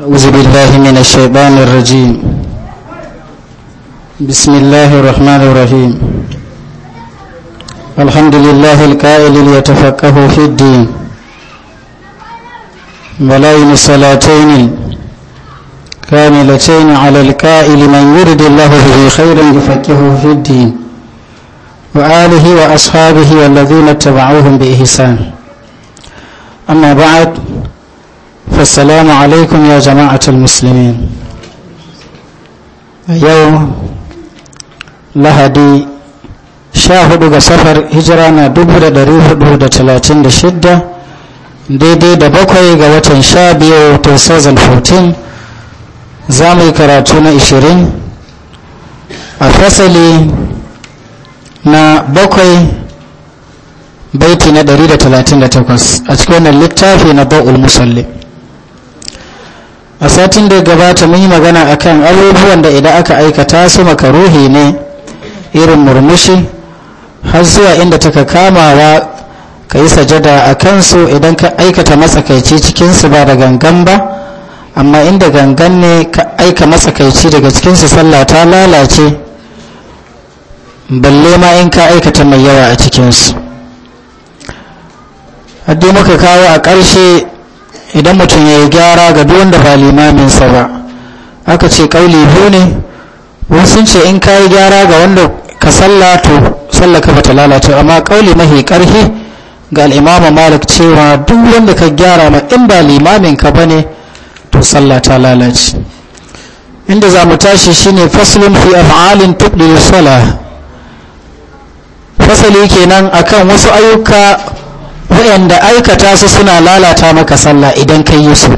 أعوذ بالله من الشيطان الرجيم بسم الله الرحمن الرحيم الحمد لله القائل ليتفقه في الدين ملايين صلاتين كاملتين على القائل من يرد الله به خيرا يفقهه في الدين وآله وأصحابه والذين اتبعوهم بإحسان أما بعد فالسلام عليكم يا جماعة المسلمين يوم لهدي شاهد سفر هجرانا دبر دريه دبر تلاتين daidai da bakwai ga watan sha biyu 2014 za mu yi karatu na 20 a fasali na bakwai baiti na 138 a cikin wannan littafi na ba'ul musalli a satin da gabata mun yi magana akan abubuwan da idan aka aikata su makaruhi ne irin murmushi har zuwa inda taka kamawa ka yi sajada a kansu idan ka aikata matsakaici cikinsu ba da gangan ba amma inda gangan ne ka aika matsakaici daga cikinsu sallah ta lalace balle ma in ka aikata mai yawa a cikinsu haddi muka kawo a ƙarshe idan mutum ya yi gyara ga wanda ba limaminsa ba aka ce kauli biyu ne wasu ce in ka yi gyara ga wanda ka salla to salla ka bata lalace amma kauli mahi karhi ga al'imama malik cewa duk wanda ka gyara ma in ba limamin ka bane to salla ta lalace inda za mu tashi shine faslun fi af'alin da sala fasali kenan akan wasu ayyuka waɗanda aikata su suna lalata maka sallah idan ka yi su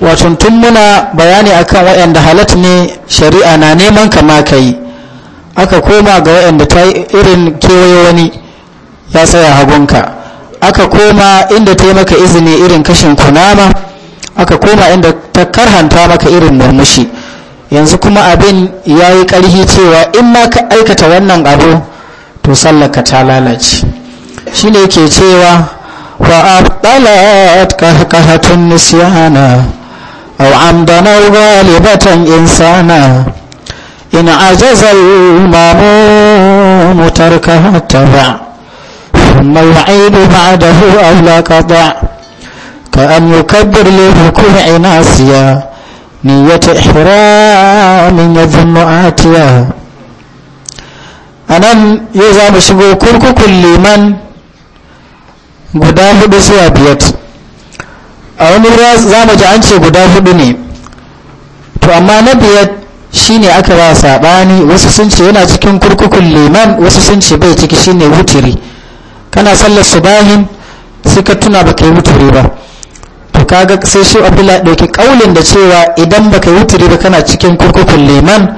wato tun muna bayani akan waɗanda halat ne shari'a na neman kama ka yi aka koma ga waɗanda ta irin kewaye wani ya tsaya hagunka aka koma inda ta yi maka izini irin kashin kunama aka koma inda ta karhanta maka irin murmushi yanzu kuma abin ya yi ƙarhi cewa in ma ka aikata wannan abu to sallaka ta lalace shi ne ke cewa fa’aɗalat ƙahatun nisyana a amdanar galibatan insana in a jazar mamu mutar ƙahata ba mai ba da hu aulakata ka an yi kabbar lebukun inasiya ni ya ta ihramin ya zunnu atiya a nan yau za shigo kurkukun liman guda hudu zuwa biyar a wani ruwa za mu ji an ce guda hudu ne to amma na biyar ne aka ba saɓani wasu sun ce yana cikin kurkukun liman wasu sun ce bai ciki shi ne wuturi kana sallar su bahin sai ka tuna baka yi wuturi ba to kaga sai shi abdullahi ɗauki ƙaulin da cewa idan baka yi wuturi ba kana cikin kurkukun liman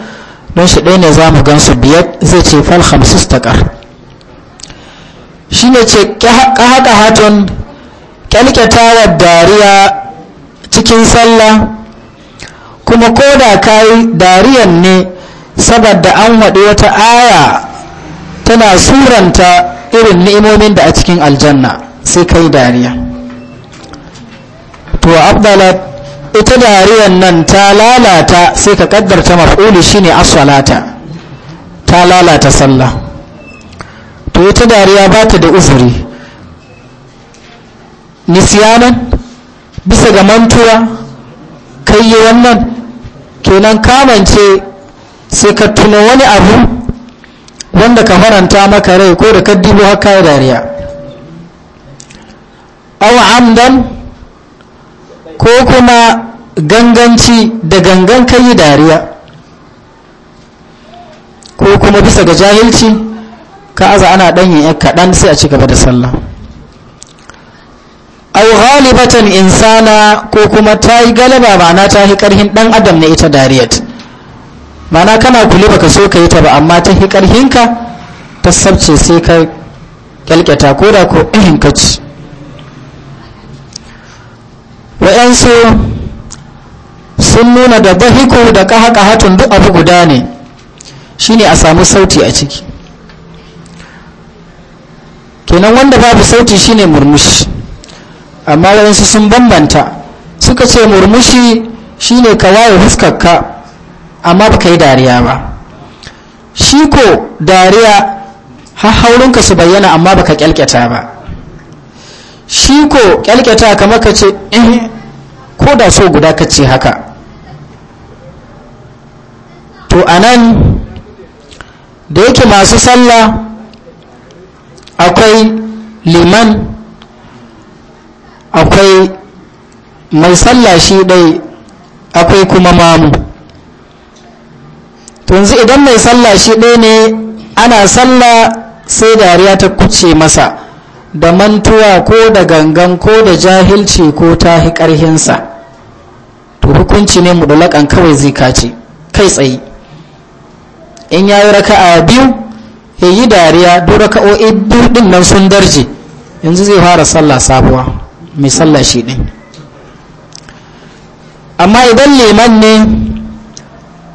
don shi ɗaya ne za mu gan su biyar zai ce fal hamsin taƙar shine ce haka hatun kyalkyatawar dariya cikin sallah kuma ko da ka yi dariyan ne saboda an waɗe wata aya tana suranta irin ni'imomin da a cikin aljanna sai ka yi dariya to abdala ita dariyan nan ta lalata sai ka kaddarta maf'uli shine ne ta lalata sallah to ita dariya ba ta da uzuri nisiyanan bisa ga mantuwa kai yi wannan kenan kamance sai ka tuna wani abu wanda ka faranta maka rai ko da ka dubu haka ya dariya awa amdan ko kuma ganganci da gangan kai yi dariya ko kuma bisa ga jahilci ka aza ana yin yan kaɗan sai a ci gaba da sallah au ghalibatan insana ko kuma ta yi galaba ma'ana ta yi ƙarhin ɗan adam na ita dariyat ma'ana kana kule baka so ka yi ta ba amma ta yi ƙarhinka ta sabce sai ka kyalkyata ko da ko ɗin ka ci wa'yansu sun nuna da bahiku da kahakahatun duk abu guda ne shine a samu sauti a ciki kenan wanda babu sauti shine murmushi amma waɗansu sun bambanta suka ce murmushi shine ka waye huskarka amma ba ka yi dariya ba shi ko dariya ka su bayyana amma ba ka kyalkyata ba shi ko kyalkyata kamar ka ce eh ko da so guda ka ce haka to anan da yake masu sallah akwai liman akwai mai sallah shi dai akwai kuma mamu yanzu idan mai sallah shi dai ne ana sallah sai dariya ta kuce masa da mantuwa ko da gangan ko da jahilci ko ta hi ƙarhinsa to hukunci ne mu mudulakan kawai zai kace kai tsaye in yayi raka'a biyu ya yi dariya duk raka'o'i biyu din nan sun darje yanzu zai fara sallah sabuwa mai sallah shi din amma idan liman ne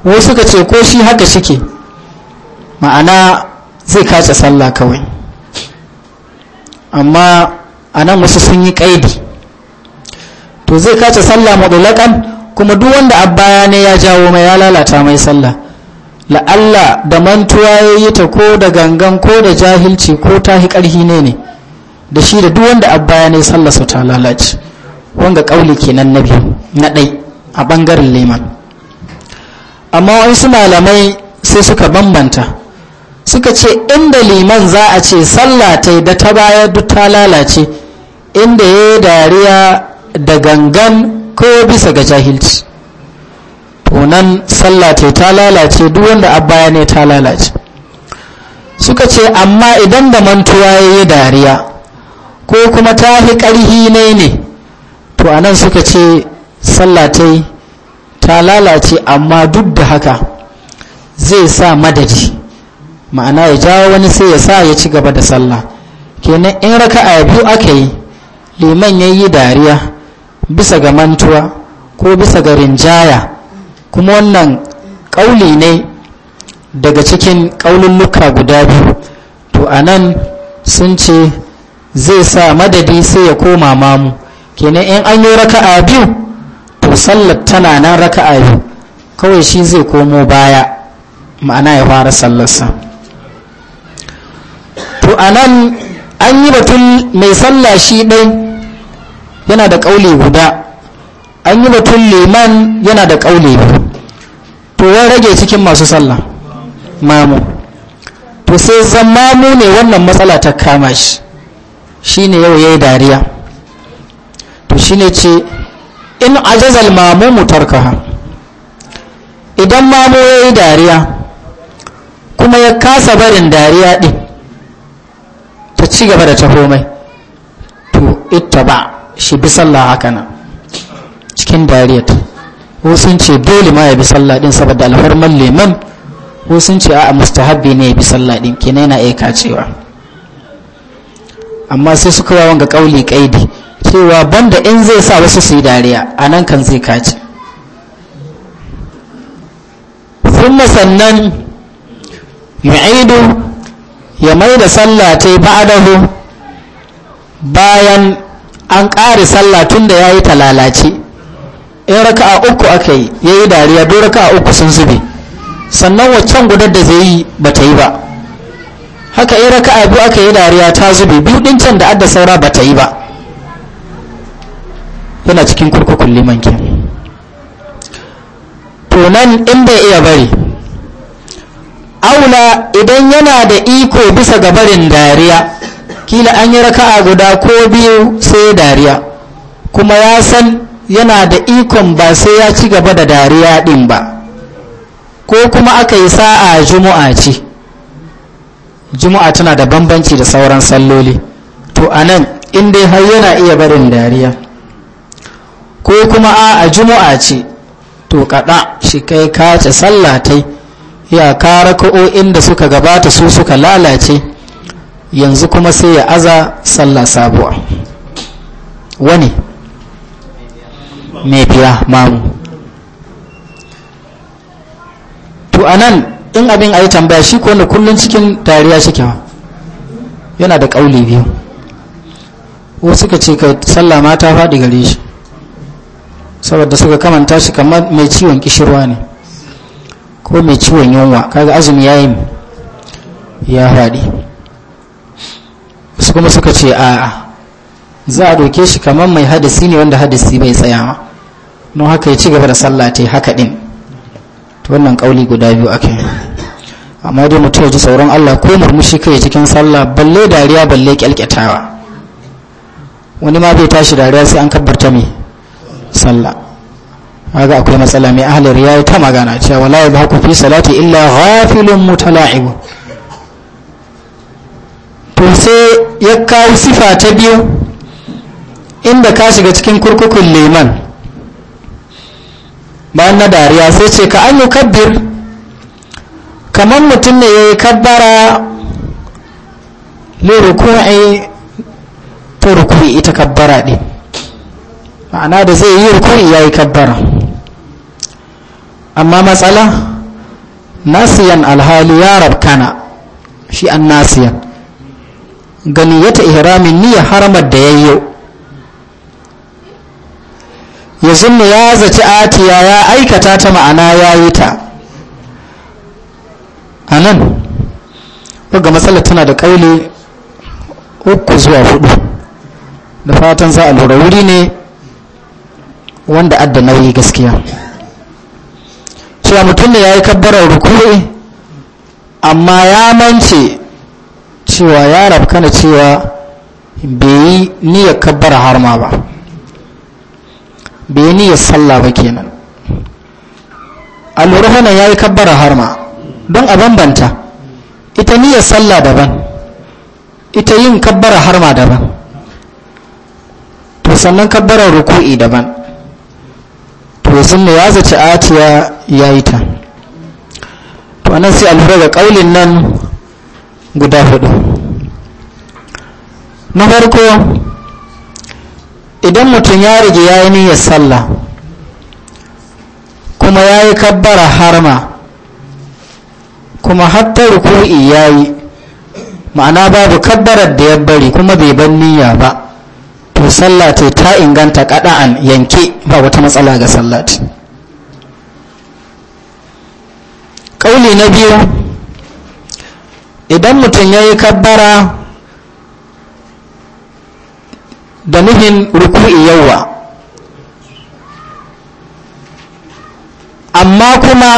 wasu suka ce ko shi haka shike ma'ana zai kace sallah kawai amma a nan wasu sun yi kaidi to zai kace sallah maɗulakan kuma duk wanda a baya ne ya jawo mai ya lalata mai sallah la'alla da mantuwa ya yi ta ko da gangan ko da jahilci ko ta hi ƙarhi ne ne da shi da duk wanda abba ya ne sallasa ta lalace wanga ƙauli kenan na biyu na ɗai a ɓangaren liman amma wasu malamai sai suka bambanta suka ce inda liman za a ce sallah ta yi da ta baya duk ta lalace inda ya yi dariya da gangan ko bisa ga jahilci to nan sallah ce ta lalace duk wanda abaya ne ta lalace suka ce amma idan da mantuwa ya yi dariya ko kuma ta fi ƙarhi ne ne to a nan suka ce sallah ta lalace amma duk da haka zai sa madadi ma'ana ya jawo wani sai ya sa ya ci gaba da sallah kenan in raka a biyu aka yi liman ya yi dariya bisa ga mantuwa ko bisa ga rinjaya kuma wannan ƙauli ne daga cikin ƙaululluka guda biyu to a nan sun ce zai sa madadi sai ya koma mamu kenan in an yi raka'a biyu to sallar tana nan raka'a biyu kawai shi zai komo baya ma'ana ya fara sallarsa to a nan an yi batun mai sallashi shi ɗai yana da ƙauli guda an yi batun liman yana da ƙaule to ya rage cikin masu sallah mamu to sai zamamu ne wannan matsala ta kama shi Shi ne yau ya yi dariya to shi ne ce in ajazal mamu tarkaha idan mamu ya yi dariya kuma ya kasa barin dariya ɗin ta ci gaba da ta komai to ita ba shi bi sallah haka nan cikin dariyat ko sun ce dole ma ya bi sallah din saboda alhurman liman ko sun ce a mustahabbi ne ya bi sallah din kenan yana kacewa amma sai suka yawan ga kauli kaidi cewa banda in zai sa wasu su yi dariya a nan kan zai kace sun sannan yu'idu ya mai da sallah ta yi ba'adahu bayan an ƙare sallah tun da ya yi talalace in raka'a uku aka yi ya yi dariya don raka'a uku sun zube sannan waccan gudar da zai yi ba ta yi ba haka in raka'a biyu aka yi dariya ta zube biyu ɗin can da adda saura ba ta yi ba yana cikin kurkukun liman ke to nan in bai iya bari aula idan yana da iko bisa ga barin dariya kila an yi raka'a guda ko biyu sai dariya kuma ya san yana da ikon ba sai ya ci gaba da dariya ɗin ba ko kuma aka yi sa'a juma'a ce juma'a tana da bambanci da sauran salloli to a nan in dai har yana iya barin dariya ko kuma a juma'a ce to kaɗa shi kai kace sallatai ya kara ko'o'in da suka gabata su suka lalace yanzu kuma sai ya aza sallah sabuwa wani mai biya mamu to a nan in abin a yi tambaya shi ko wanda kullum cikin dariya shi kyawa yana da ƙauli biyu wasu ka ce ka sallah mata faɗi gare shi saboda suka kamanta shi kamar mai ciwon kishirwa ne ko mai ciwon yunwa kaga azumi ya yi ya faɗi su kuma suka ce a'a za a doke shi kamar mai hadisi ne wanda hadisi bai tsayawa don haka ya ci gaba da sallah ta haka ɗin, to wannan kauli guda biyu ake amma dai mutum ya ji sauran Allah ko murmushi kai cikin sallah balle dariya balle kyalkyatawa wani ma bai tashi dariya sai an kabbarta mai sallah kaga akwai matsala mai ahli riya ta magana cewa wala ku fi salati illa ghafilun mutala'ib to sai ya kawo sifa ta biyu inda ka shiga cikin kurkukun leman. bayan na dariya sai ce ka an kabbir kamar mutum ne ya yi kabbara lirukuni ta rukuni ita kabbara ɗin ma'ana da zai yi rukuri ya yi kabbara amma matsala nasiyan alhali ya rabkana shi an nasiyan ganiyata ihramin niyya haramar da ya yi yau. ya zunnu ya zaci atiya ya aikata ta ma'ana ya yi ta a nan ga matsalar tana da ƙauli uku zuwa hudu da fatan za a lura wuri ne wanda adda nauyi gaskiya cewa mutum ne ya yi kabbarar rukuri amma ya mance cewa ya rafkana cewa bai yi niyyar kabbar harma ba bai niyyar sallah ba kenan alwara hana ya yi kabbara harma don a bambanta ita niyyar sallah daban ita yin kabbara harma daban to sannan kabbara ruku'i daban to sun ya zace atiya ya yi ta to anan sai alwara ga ƙaunin nan guda hudu na farko idan mutum ya rige ya yi niyyar sallah kuma ya yi kabbara harma kuma hatta ruku'i ya yi ma'ana babu kabbarar da ya bari kuma bai ban niyya ba to sallah ta ta inganta kada'an yanke ba wata matsala ga sallat ƙauli na biyu idan mutum ya yi kabbara da nufin ruku'i yawwa amma kuma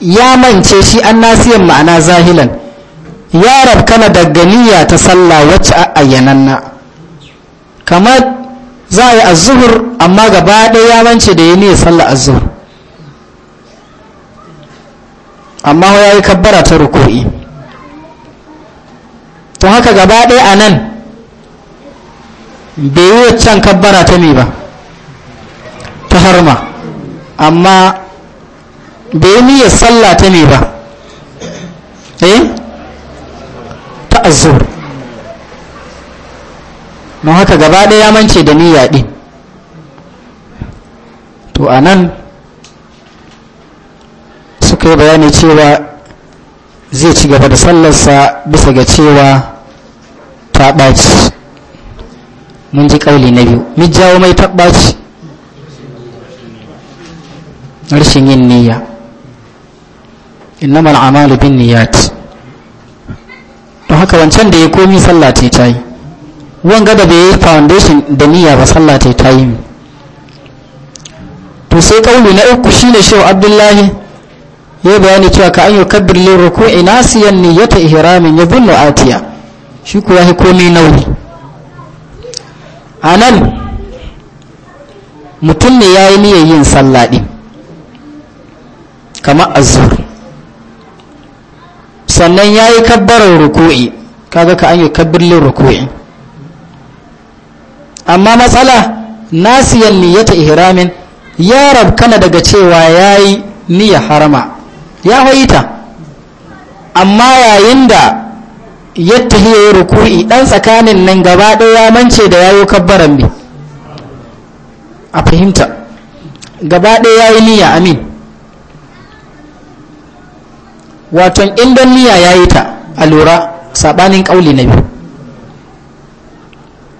ya mance shi an nasiyan ma'ana zahilan ya rabkana da ganiya ta sallah wacce a na. kamar za a yi azuhur amma gaba ɗaya ya mance da ya sallah azuhur amma ya yi kabbara ta ruku'i to haka gaba ɗaya a nan bai yi waccan kabbara ta ne ba ta harma amma bai yi niyyar tsalla ta ne ba eh ta azur haka gaba ɗaya ya mance da niyya ɗin to a nan suka yi bayani cewa zai ci gaba da sallarsa bisa ga cewa ta ɓaci mun ji kauli na biyu mun jawo mai tabbaci rashin yin niyya innamal amalu bin niyyat to haka wancan da ya komi sallah ce ta yi wanga da bai yi foundation da niyya ba sallah ce ta yi to sai kauli na uku shine shehu abdullahi ya bayani cewa ka an kabbir lil ruku'i nasiyan niyyata ihramin ya bunnu atiya shi kuwa ya komi nauyi a nan mutum ne ya yi niyan yin sallah ɗin azur sannan ya yi kabbarar ruku'i kaga ka an yi kabbirlin ruku'i amma matsala nasiyan niyyata ihramin ya rabkana daga cewa ya yi niyyar harama ya amma yayin da yadda ya ruku'i dan tsakanin nan gaba ɗaya mance da yayo kabbaran bi a fahimta gaba ɗaya yayi niyya amin waton inda niyya yayi ta a lura sabanin kauli na biyu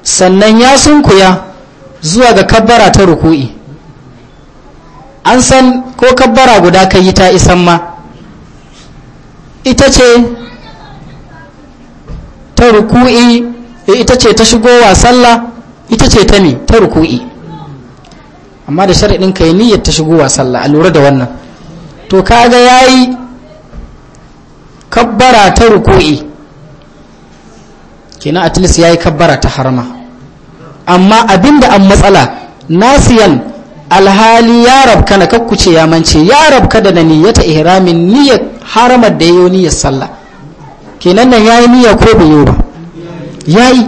sannan ya sunkuya zuwa ga kabbara ta ruku'i an san ko kabbara guda ka yi ta isan ma ita ce ta ruku'i eh, ita ce ta wa sallah ita ce ta ne ta ruku'i amma da sharaɗin ka yi niyyar ta wa sallah a lura da wannan to kaga yayi kabbara ta ruku'i kenan at least yayi kabbara ta harma amma abinda an matsala nasiyan alhali ya rabka na kakkuce ya mance ya rabka da na niyyata ihramin niyyar haramar da yi niyyar sallah kenan nan ya yi niyya ko bai yi ba ya yi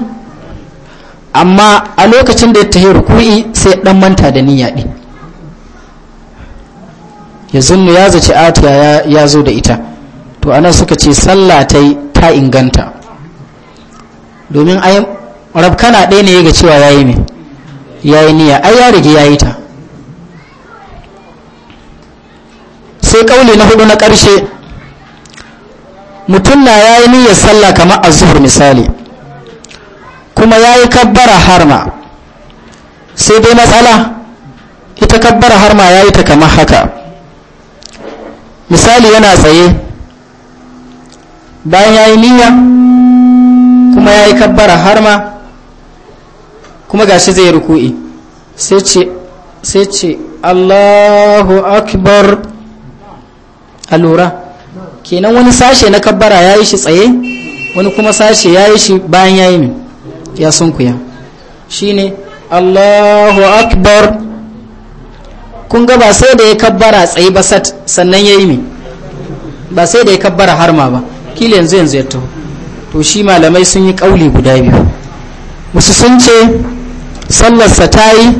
amma a lokacin da ya tahi ruku'i sai dan manta da niyya din ya zunnu ya zaci atiya ya zo da ita to anan suka ce sallah ta ta inganta domin ai rabkana ɗaya ne ga cewa yayi ya yayi niyya ai ya rige yayi ta sai kauli na hudu na ƙarshe mutum na ya yi niyyar sallah kamar azuhur misali kuma ya yi kabbara harma sai dai matsala ita kabbara harma ya yi ta kamar haka misali yana tsaye bayan ya yi niyya kuma ya yi kabbara harma kuma gashi zai ruku'i sai ce sai ce allahu akbar a lura kenan wani sashe na kabbara ya yi shi tsaye wani kuma sashe ya yi shi bayan ya yi ya kuya shi ne allahu akbar kun ga ba sai da ya kabbara tsaye ba sat sannan ya yi ba sai da ya kabbara harma ba kila yanzu yanzu ya taho to shi malamai sun yi kauli guda biyu wasu sun ce sallarsa ta yi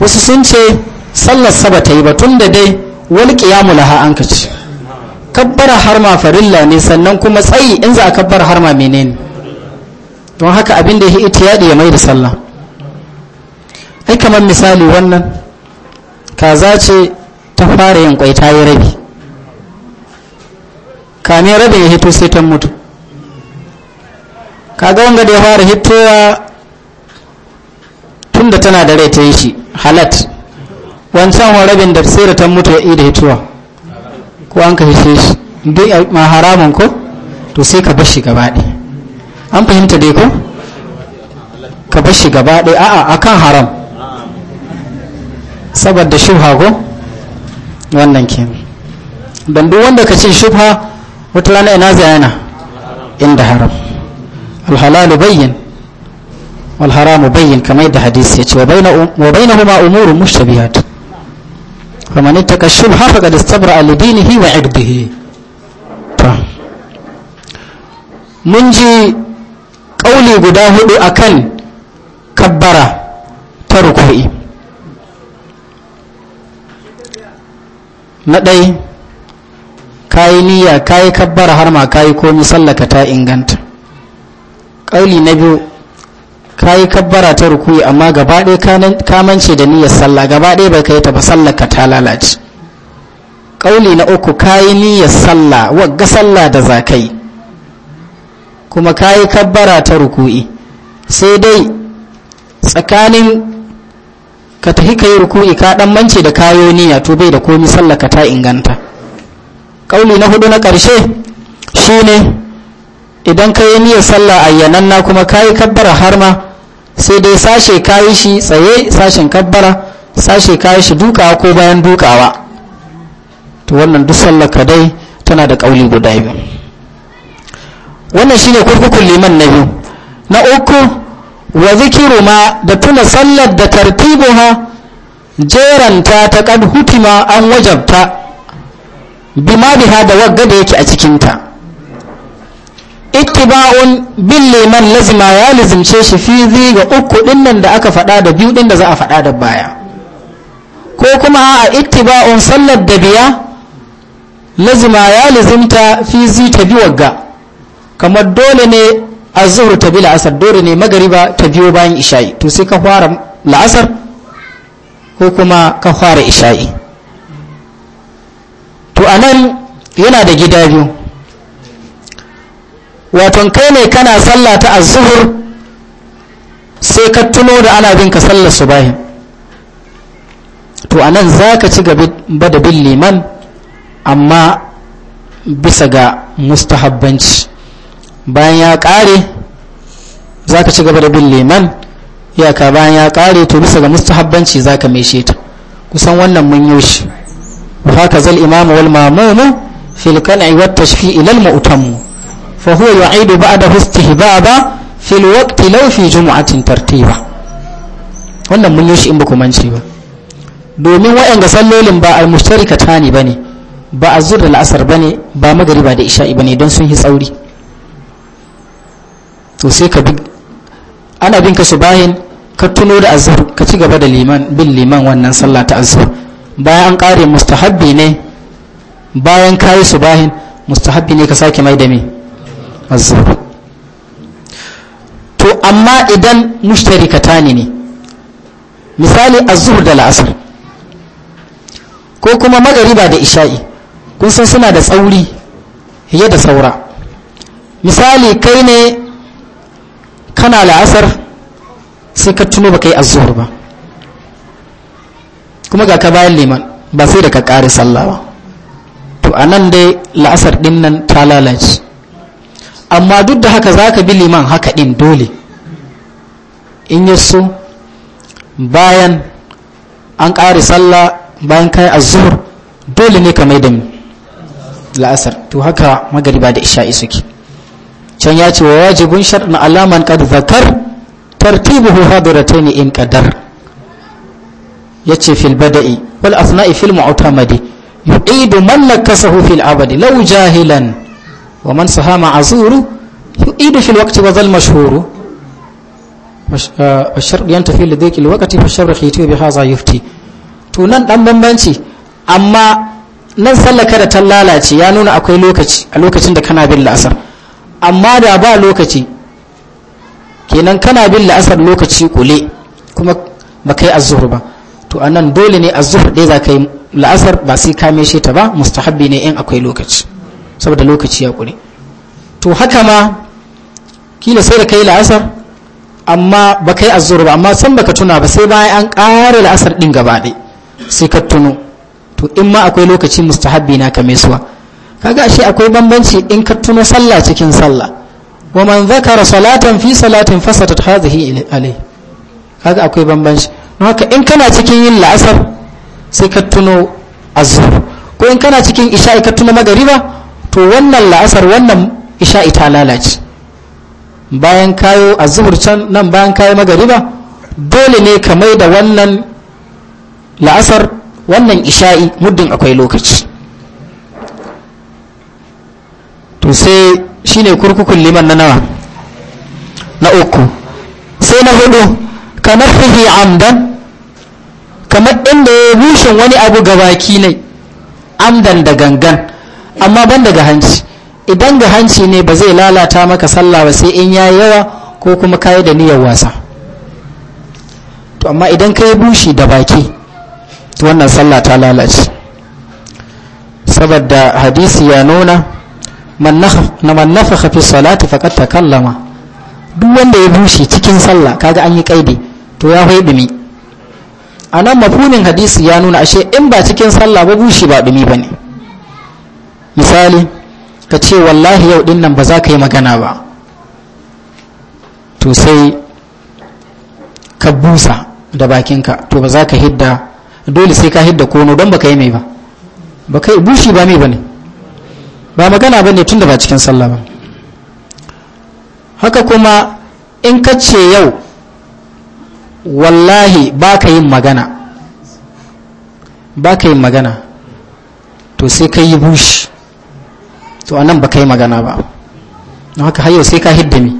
wasu sun ce sallarsa ba ta yi ba tun da dai wani kiyamu laha an ka ce kabbara harma farilla ne sannan kuma tsayi in za a kabbara harma menene don haka abin da ya itiyadi ya mai da sallah ai kamar misali wannan kaza ce ta fara yin kwai ta yi rabi kamin rabin ya hito sai ta mutu kaga wanga da ya fara hitowa tun da tana da rai ta yi shi halat wancan wa rabin da sai da ta mutu ya da hitowa ko an ka hishe shi duk ma haramun ko to sai ka bashi gaba ɗaya an fahimta dai ko ka bashi gaba ɗaya a'a akan haram saboda shubha ko wannan ke don duk wanda ka ce shubha wata rana ina zayana inda haram alhalalu bayyin والحرام بين كما يدى حديث wa bainahuma umurun مشتبهات ومن اتقى الشبه فقد استبرأ لدينه وعرضه mun ji ƙauli guda hudu akan kabbara ta ruku'i na ɗai kayi niyya kayi kabbara har ma kayi komi sallaka ta inganta ƙauli na biyu ka yi kabbara ta rukuyi amma gaba ka mance da niyyar sallah gaba ɗaya bai kai ta ba sallar ka ta lalace ƙauli na uku ka yi niyyar sallah wagga sallah da za ka yi kuma ka yi kabbara ta ruku'i sai dai tsakanin ka tafi ka yi ruku'i ka ɗan mance da kayo niyya to bai da komi sallah ka ta inganta ƙauli na hudu na ƙarshe shi ne. idan ka yi niyyar sallah ayyananna kuma ka yi kabbara har ma sai dai sashe ka yi shi tsaye sashen kabbara sashe ka yi shi dukawa ko bayan dukawa to wannan duk sallar ka dai tana da ƙauli guda biyu wannan shine kurkukun liman na biyu na uku wa zikiru ma da tuna sallar da tartibuha jeranta ta kad hutima an wajabta bima biha da wagga da yake a cikinta ittiba'un bin liman lazima ya lizimce shi fi fizi ga uku dinnan da aka faɗa da biyu din da za a faɗa da baya ko kuma a ittiba'un sallar da biya lazima ya lizimta fizi ta biyu ga kamar dole ne a zuhur ta bi la'asar dole ne magariba ta biyo bayan isha'i to sai ka fara la'asar ko kuma ka fara isha'i to anan yana da gida biyu waton kai ne kana sallah ta azuhur sai ka tuno da ana bin ka sallar subahin to a nan za ka ci gaba da bin liman amma bisa ga mustahabbanci bayan ya kare za ka ci gaba da bin liman iyaka bayan ya kare to bisa ga mustahabbanci za ka sheta ta kusan wannan mun yi shi haka zal imamu wal mamumu fil kan'i wat ila al mu'tamu fa huwa yu'idu ba'dahu istihbaba fil waqti law fi jumu'atin tartiba wannan mun yi shi in ba ku ba domin waɗanda sallolin ba al-mushtarikata ne bane ba azur da la'asar ba ne ba ba da isha'i ba ne don sun yi tsauri to sai ka bi ana bin ka subahin ka tuno da azhar ka ci gaba da liman bin liman wannan sallah ta azhar bayan an kare mustahabbi ne bayan kayi subahin mustahabbi ne ka sake mai da me az to amma idan mushtarikatani ne misali az-zuhur da la'asar ko kuma magariba da isha'i kun san suna da tsauri fiye da saura misali kai ne kana la'asar sai ka tuno ba kai az ba kuma ga ka bayan liman ba sai da ka ƙare sallah ba to anan dai la'asar ɗin nan ta lalace amma duk da haka za ka bi liman haka ɗin dole in ya so bayan an ƙare sallah bayan kai zuhur dole ne ka maida da la'asar to haka magariba da isha'i suke can ya ce wa wajibun sharɗin alaman kad zakar tartibuhu hadiratayn in qadar yace fil bada'i wal asna'i fil madi yu'idu mallaka sahu fil abadi law jahilan ومن سها معذور يؤيد في الوقت وذا المشهور والشرق ينتفي لديك الوقت فالشرق يتوي بهذا يفتي to nan dan bambanci amma nan sallaka da tallalaci lalace ya nuna akwai lokaci a lokacin da kana bin la'asar amma da ba lokaci kenan kana bin la'asar lokaci kule kuma ba kai azzur ba to anan dole ne azzur dai za ka yi la'asar ba sai ka meshe ta ba mustahabbi ne in akwai lokaci saboda lokaci ya kure to haka ma kila sai da kai la'asar amma ba kai azur ba amma san baka tuna ba sai bayan an ƙara la'asar ɗin gaba ɗaya sai ka tuno to in ma akwai lokaci mustahabbi na ka mesuwa kaga ashe akwai bambanci in ka tuno sallah cikin sallah wa man zakara salatan fi salatin fasatat hadhihi alai kaga akwai bambanci don haka in kana cikin yin la'asar sai ka tuno azhar ko in kana cikin isha'i ka tuno magariba to wannan la'asar wannan isha'i ta lalace bayan kayo a zuhur can nan bayan kayo magariba dole ne ka mai da wannan la'asar wannan isha'i muddin akwai lokaci to sai shine kurkukun liman na nawa na uku sai na hudu ka nafihi amdan kamar inda ya rushin wani abu gabaki ne amdan da gangan amma ban daga hanci idan ga hanci ne ba zai lalata maka sallah ba sai in yayi yawa ko kuma kayi da niyyar wasa to amma idan ka yi bushi da baki to wannan sallah ta lalace saboda hadisi ya nuna na man nafaka fi salati faqad takallama duk wanda ya bushe cikin sallah kaga an yi kaidi to ya hoyi dumi anan mafunin hadisi ya nuna ashe in ba cikin sallah ba bushi ba dumi bane misali ka ce wallahi yau din nan ba za ka yi magana ba to sai ka busa da bakinka to ba za ka hidda dole sai ka hidda kono don ba ka yi mai ba ba yi bushi ba mai ba ne ba magana ba ne tun da ba cikin sallah ba haka kuma in ka ce yau wallahi ba ka yin magana ba ka yin magana to sai ka yi bushi to anan ba kai magana ba don haka hayo sai ka hidda ni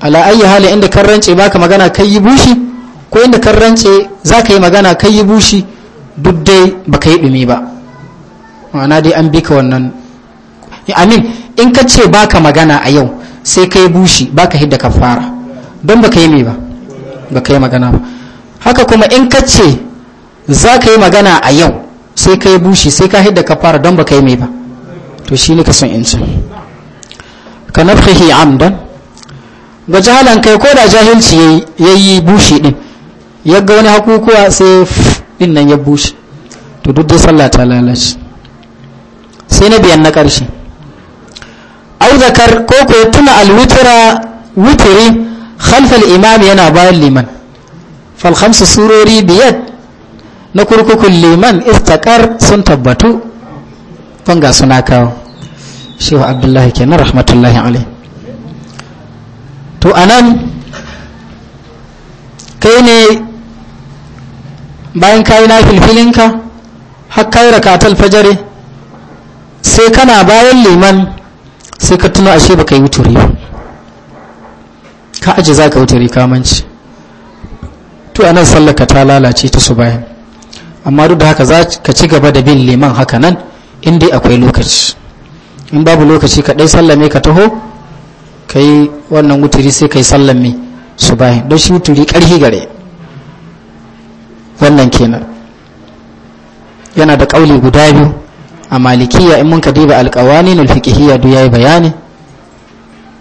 ala ayi hali inda kan rance baka magana kai yi bushi ko inda kan rance za ka yi magana kai yi bushi duk dai ba ka yi dumi ba ma'ana dai an bi ka wannan amin in ka ce baka magana a yau sai ka yi bushi baka hidda kafara don ba ka yi me ba ba ka yi magana ba haka kuma in ka ce za ka yi magana a yau sai ka yi bushi sai ka hidda kafara don ba ka yi me ba to shi ne kasan son in ce ka nafhihi amdan ga jahalan kai ko da jahilci yi bushe din ya ga wani hakukuwa sai din nan ya bushe to duk da sallah ta lalace sai na biyan na ƙarshe au zakar ko ko tuna alwitra witri khalf al yana bayan liman fal khamsu surori biyat na kurkukun liman istakar sun tabbatu don ga suna kawo shehu abdullahi kenan rahmatullahi alai to anan kai ne bayan kayi na filfilinka har kayi rakatul fajare sai kana bayan liman sai ka tuno ashe ka yi wuturi ka aji za ka wuturi kamanci to anan sallaka ta lalace ta su bayan amma duk da haka za ka ci gaba da bin liman haka nan in dai akwai lokaci in babu lokaci ka ɗai sallame ka taho ka yi wannan wuturi sai ka yi sallame su bayan don shi wuturi ƙarfi gare wannan kenan yana da ƙauli guda biyu a malikiya in mun ka diba alƙawani na alfiƙihiyya duk ya yi bayani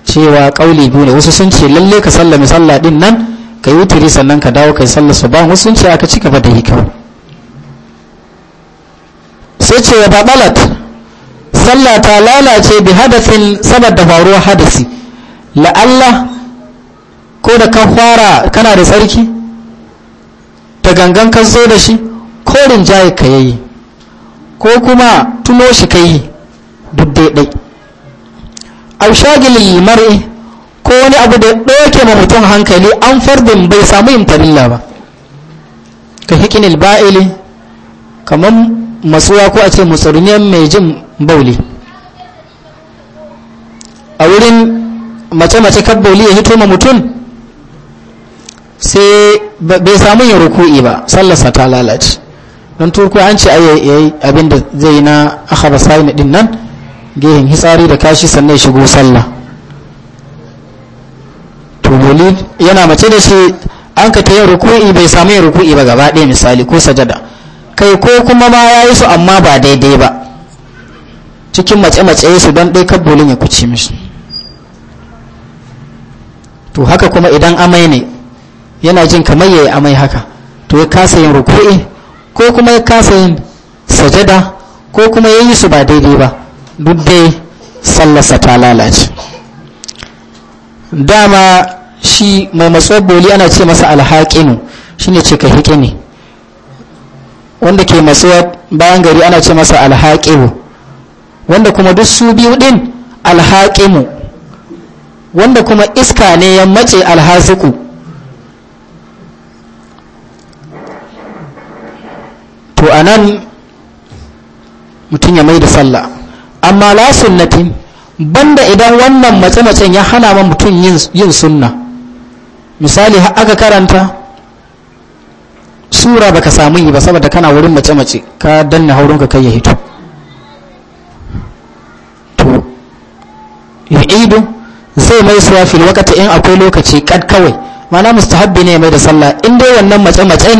cewa ƙauli biyu ne wasu sun ce lalle ka sallame sallah ɗin nan ka yi wuturi sannan ka dawo ka yi sallah su bayan wasu sun ce aka ci gaba da yi kawai sai ce ya babalat sallah ta lalace bi hadasin saboda faruwar hadasi la'alla ko da ka fara kana da tsarki ta gangan ka zo da shi ko jayi ka yayi ko kuma tuno shi ka yi duk daidai au shagilin mar'i ko wani abu da ɗauke ma mutum hankali an fardin bai samu yin tarilla ba ka hikin ba'ili kamar matsuwa ko a ce matsuruniyar mai jin bauli a wurin mace-mace kan bauli ya hito ma mutum sai bai samu yin ruku'i ba Sallasa ta lalace don turku an ce ayi abin abinda zai yi na akhaba sa'in din nan gehen hitsari da kashi sannan shigo sallah to yana mace da shi an ka ta yin ruku'i bai samu yin ruku'i ba gaba ɗaya misali ko sajada kai ko kuma ma ya yi su amma ba daidai ba cikin mace-mace su don ɗai kabbolin ya kuce mishi to haka kuma idan amai ne yana jin kamar ya yi amai haka to ya kasa yin rukuri ko kuma ya kasa yin sajada ko kuma ya yi su ba daidai ba duk dai sallarsa ta lalace dama shi mai matsoboli boli ana ce masa alhaƙinu ne ce ka hiƙini wanda ke matsuwa bayan gari ana ce masa alhaƙimu wanda kuma duk su biyu ɗin alhaƙimu wanda kuma iska ne ya mace alhaziku to a nan mutum ya mai da sallah amma la sunnatin banda idan wannan mace-macen ya hana ma mutum yin sunna misali aka karanta sura baka samu yi ba saboda kana wurin mace-mace ka danna haurunka kai ya hito to yu'idu zai mai suwa fil wakati in akwai lokaci kad kawai mana mustahabbi ne mai da sallah in dai wannan mace mace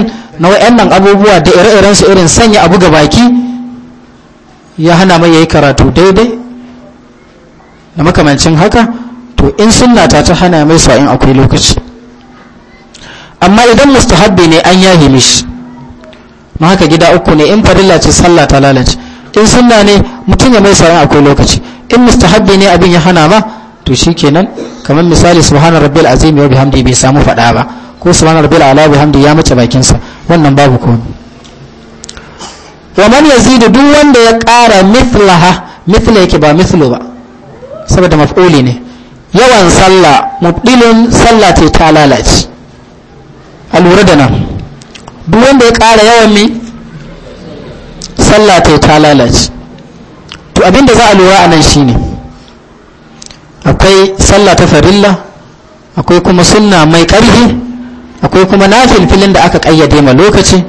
na wayannan abubuwa da ire-iren su irin sanya abu ga baki ya hana mai yayi karatu daidai da makamancin haka to in sunna ta ta hana mai suwa in akwai lokaci amma idan mustahabbi ne an yahi mishi ma haka gida uku ne in farilla ce sallah ta lalace in sunna ne mutum ya mai sauran akwai lokaci in mustahabbi ne abin ya hana ma to shikenan kamar misali subhanar rabbil azim wa bihamdi bai samu fada ba ko subhanar rabbil ala bihamdi ya mace bakin sa wannan babu komai wa man yazidu duk wanda ya kara mithlaha mithla yake ba mithlu ba saboda maf'uli ne yawan sallah mubdilun sallah ta lalace a lura da nan duk wanda ya ƙara yawan mi sallah ta ta lalace to abinda za a lura a nan shi ne akwai sallah ta farilla akwai kuma sunna mai karfi akwai kuma na filfilin da aka kayyade ma lokaci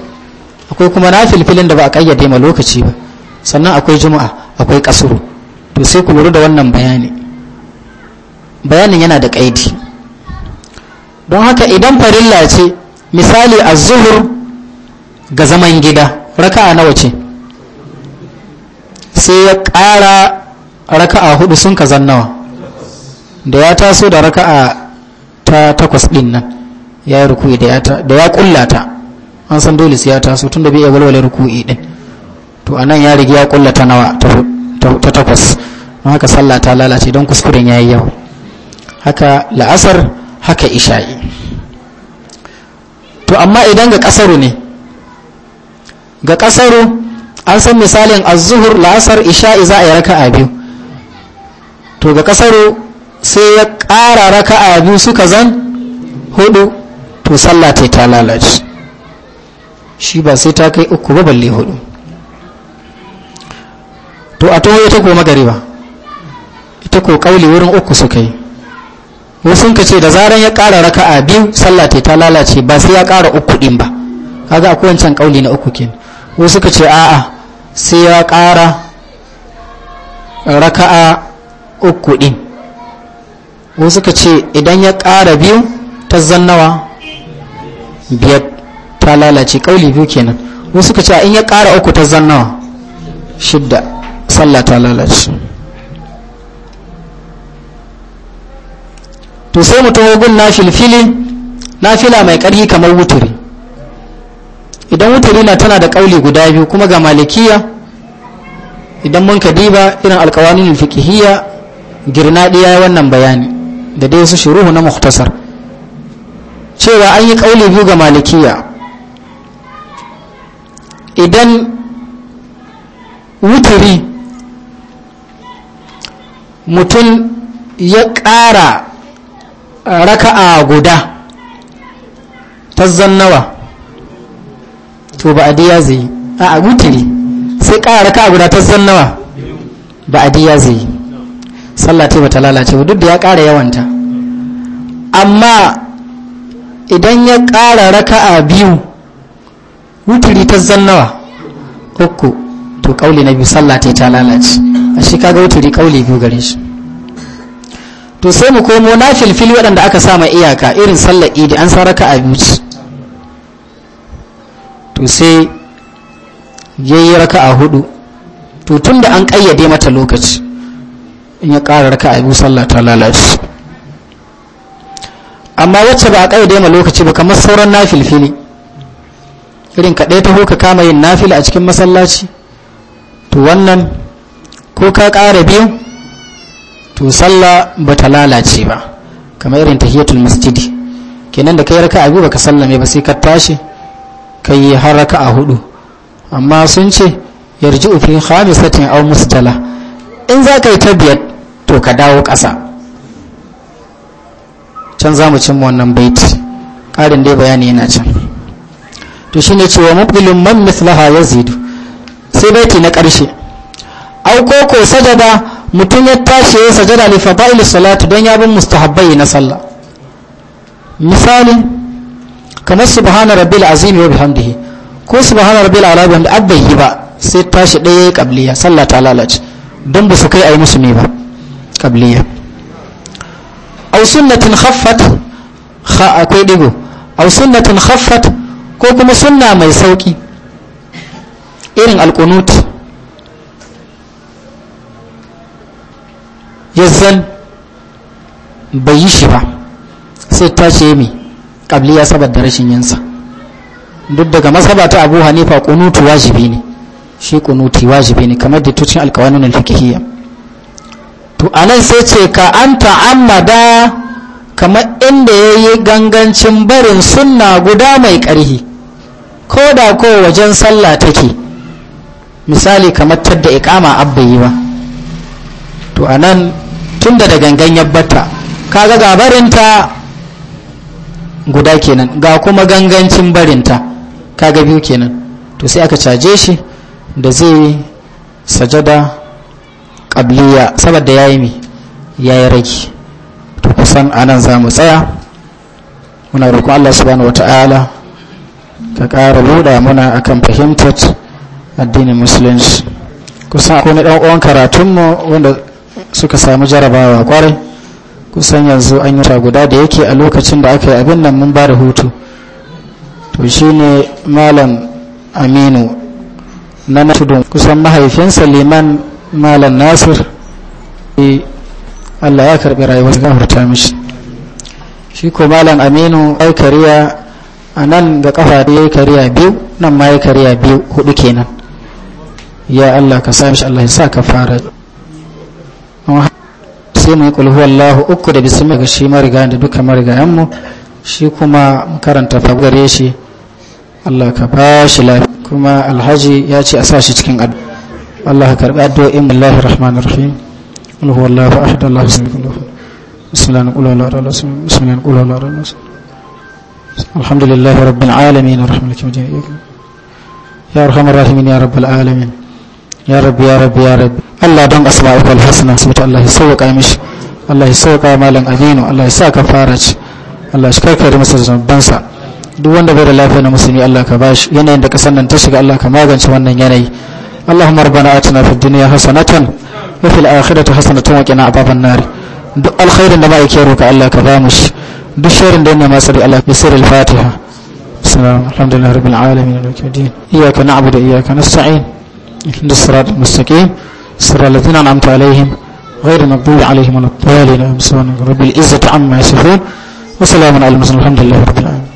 akwai kuma na filfilin da ba a kayyade ma lokaci ba sannan akwai juma'a akwai kasuru to sai ku lura da wannan bayani bayanin yana da kaidi don haka idan farilla ce misali a zuhur ga zaman gida raka'a nawa ce sai ya ƙara raka'a hudu sun ka zannawa da ya taso da raka'a ta takwas din nan ya yi ruku'i da ya kullata an san dole su ya taso tun da bai iya walwale ruku'i din to a nan ya rigi ya kullata nawa ta takwas don haka sallah ta lalace don kuskuren ya yi yawa haka la'asar haka isha'i to amma idan ga kasaru ne ga kasaru an san misalin azuhur la'asar isha'i za a yi raka'a biyu to ga kasaru sai ya ƙara raka'a biyu suka zan hudu to sallah ta ta lalace shi ba sai ta kai uku ba balle hudu to a taho ita ko magariba ita ko kauli wurin uku suka yi wasu ka ce da zaran ya ƙara raka'a biyu sallah ta ta lalace ba sai ya ƙara uku din ba kaga akwai wancan kauli na uku kin wasu ka ce a'a sai ya ƙara raka'a uku din wasu ka ce idan ya ƙara biyu ta zannawa biyar ta lalace kauli biyu kenan wasu ka ce in ya ƙara uku ta zannawa shidda sallah ta lalace to sai mu taho gun fili nafila mai ƙarfi kamar wuturi idan wuturi na tana da ƙauli guda biyu kuma ga malikiya idan mun ka diba irin alƙawanin fiqhiyya girna yayi wannan bayani da dai su shuruhu na muktasar cewa an yi ƙauli biyu ga malikiya idan wuturi mutum ya ƙara raka'a guda ta zannawa to ba diya zai a agutiri sai ƙara raka'a guda ta zannawa ba diya zai ba ta lalace ba duk da ya ƙara yawanta amma idan ya ƙara raka'a biyu wutiri ta zannawa uku to kauli na biyu sallate ta lalace a shi kaga wutiri kauli biyu gare shi to sai mu komo na filfil waɗanda aka sa mai iyaka irin sallar idi an sa raka a biyu to sai ya yi raka a hudu to tun da an ƙayyade mata lokaci in ya ƙara raka a biyu sallah ta lalace amma wacce ba a ƙayyade ma lokaci ba kamar sauran na filfili irin ka ɗaya taho ka kama yin nafila a cikin masallaci to wannan ko ka ƙara biyu to sallah ba ta lalace ba kamar irin tahiyatul masjidi kenan da kai raka'a biyu baka sallame ba sai ka tashi kai har raka'a hudu amma sun ce yarji fi khamisatin aw musdala in za ka yi ta biyar to ka dawo ƙasa can za mu cimma wannan baiti ƙarin dai bayani yana can to shine cewa mubdilun man mislaha yazidu sai baiti na ƙarshe au ko sajada mutum ya tashi ya sajada li fada'il salatu don ya bin mustahabbai na sallah misali kamar subhana rabbil azim wa bihamdihi ko subhana rabbil ala wa bihamdihi abbayi yi ba sai tashi ɗaya ya kabliya sallah ta lalace don ba su kai ayi musu ne ba kabliya aw sunnatin khaffat kha akwai digo aw sunnatin khaffat ko kuma sunna mai sauki irin alqunut zan bai yi shi ba sai ta ce mai ƙabliya saboda rashin yansa duk daga masaba ta abu hanifa kunutu wajibi ne shi kunuti wajibi ne kamar da tucin alkawanin alfikiyya to a nan sai ce ka an ta'ammada kamar inda ya yi gangancin barin sunna guda mai ƙarhi ko da ko wajen sallah take misali kamar tadda ikama abba yi ba to a nan. tun da gangan yabbata kaga ga barinta guda kenan ga kuma gangancin barinta kaga biyu kenan to sai aka caje shi da zai sajada qabliya saboda yayi mi yayi rage to kusan anan za mu tsaya muna roƙon Allah subhanahu wataala ka ƙara buɗa muna akan fahimtar addinin musulunci kusan akwai na ɗan uwan karatunmu wanda suka samu jarabawa kwarai kusan yanzu an yi guda da yake a lokacin da aka yi abin nan mun ba da hutu to shi ne malam aminu na tudun kusan mahaifinsa liman malam nasir allah ya karbi rayuwar gafarta mishi shi ko malam aminu ai kariya a nan ga kafa da ya kariya biyu nan ma ya kariya biyu hudu kenan ya allah ka sa mishi allah ya sa ka fara sai mu yi kulhu uku da bismi ga shi mariga da duka mu shi kuma karanta fa shi Allah ka ba shi lafi kuma alhaji ya ce a sa shi cikin Allah ka karbi addu'o'in billahi rahmanir rahim rahim bismillahir rahmanir rahim alhamdulillahi rabbil alamin ya arhamar rahimin ya alamin ya rabbi ya rabbi ya rabbi Allah don asma'ul hasana subhanahu Allah ya sauka mishi Allah ya sauka malam Aminu Allah ya sa ka fara ci Allah shi karkare masa zanban sa duk wanda bai da lafiya na musulmi Allah ka bashi yanayin da kasan nan ta shiga Allah ka magance wannan yanayi Allahumma rabbana atina fid dunya hasanatan wa fil akhirati hasanatan wa qina adhaban nar duk alkhairin da ma'aikiyar roka Allah ka ba mu shi duk sharin da yana masu da Allah bi sirril fatiha السلام الحمد لله رب العالمين المجيدين إياك نعبد وإياك نستعين اهدنا الصراط المستقيم صراط الذين أنعمت عليهم غير المغضوب عليهم ولا الضالين رب العزة عما يصفون وسلام على المرسلين الحمد لله رب العالمين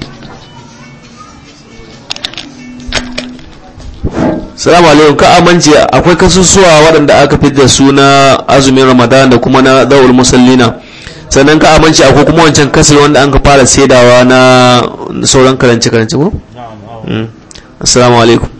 salamu alaikum ka amince akwai kasusuwa waɗanda aka fi da suna azumin ramadan da kuma na da'ul musallina sannan ka amince akwai kuma wancan kasar wanda an ka fara saidawa na sauran karance karance ko assalamu alaikum